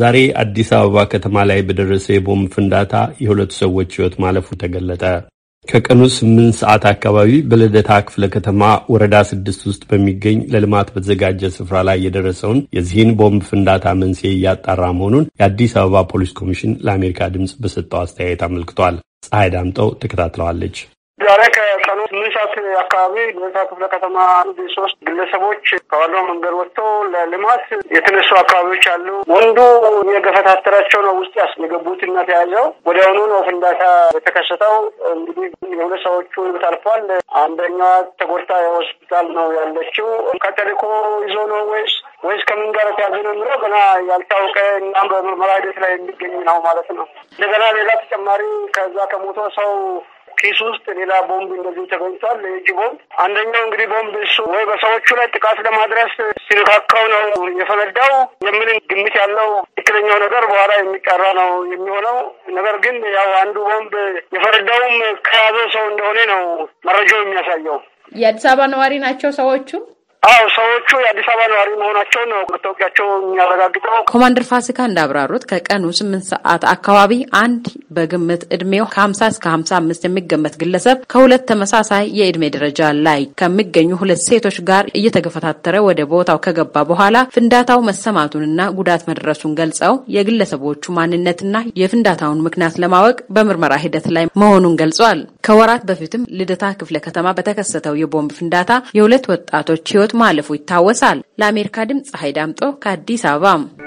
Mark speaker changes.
Speaker 1: ዛሬ አዲስ አበባ ከተማ ላይ በደረሰ የቦምብ ፍንዳታ የሁለቱ ሰዎች ሕይወት ማለፉ ተገለጠ። ከቀኑ ስምንት ሰዓት አካባቢ በልደታ ክፍለ ከተማ ወረዳ ስድስት ውስጥ በሚገኝ ለልማት በተዘጋጀ ስፍራ ላይ የደረሰውን የዚህን ቦምብ ፍንዳታ መንስኤ እያጣራ መሆኑን የአዲስ አበባ ፖሊስ ኮሚሽን ለአሜሪካ ድምፅ በሰጠው አስተያየት አመልክቷል። ፀሐይ ዳምጠው ተከታትለዋለች።
Speaker 2: ዛሬ ከቀኑ ስምንት ሰዓት አካባቢ ዶሳ ክፍለ ከተማ አንድ ሶስት ግለሰቦች ከዋናው መንገድ ወጥቶ ለልማት የተነሱ አካባቢዎች አሉ። ወንዱ የገፈታተራቸው ነው ውስጥ ያስገቡትና ተያዘው ወዲያውኑ ነው ፍንዳታ የተከሰተው። እንግዲህ የሁለት ሰዎቹ ሕይወት አልፏል። አንደኛዋ ተጎድታ የሆስፒታል ነው ያለችው። ከተልእኮ ይዞ ነው ወይስ ወይስ ከምን ጋር ተያዘ ነው የሚለው ገና ያልታወቀ እና በምርመራ ሂደት ላይ የሚገኝ ነው ማለት ነው። እንደገና ሌላ ተጨማሪ ከዛ ከሞቶ ሰው ኪስ ውስጥ ሌላ ቦምብ እንደዚህ ተገኝቷል። የእጅ ቦምብ አንደኛው እንግዲህ ቦምብ እሱ ወይ በሰዎቹ ላይ ጥቃት ለማድረስ ሲነካካው ነው የፈነዳው የሚል ግምት ያለው ትክክለኛው ነገር በኋላ የሚቀራ ነው የሚሆነው። ነገር ግን ያው አንዱ ቦምብ የፈነዳውም ከያዘ ሰው እንደሆነ ነው መረጃው የሚያሳየው።
Speaker 3: የአዲስ አበባ ነዋሪ
Speaker 2: ናቸው ሰዎቹ። አዎ ሰዎቹ የአዲስ አበባ ነዋሪ መሆናቸውን ነው መታወቂያቸው የሚያረጋግጠው።
Speaker 3: ኮማንደር ፋሲካ እንዳብራሩት ከቀኑ ስምንት ሰዓት አካባቢ አንድ በግምት ዕድሜው ከ50 እስከ 55 የሚገመት ግለሰብ ከሁለት ተመሳሳይ የእድሜ ደረጃ ላይ ከሚገኙ ሁለት ሴቶች ጋር እየተገፈታተረ ወደ ቦታው ከገባ በኋላ ፍንዳታው መሰማቱንና ጉዳት መድረሱን ገልጸው የግለሰቦቹ ማንነትና የፍንዳታውን ምክንያት ለማወቅ በምርመራ ሂደት ላይ መሆኑን ገልጿል። ከወራት በፊትም ልደታ ክፍለ ከተማ በተከሰተው የቦምብ ፍንዳታ የሁለት ወጣቶች ሕይወት ማለፉ ይታወሳል። ለአሜሪካ ድምፅ ዳምጦ ከአዲስ አበባ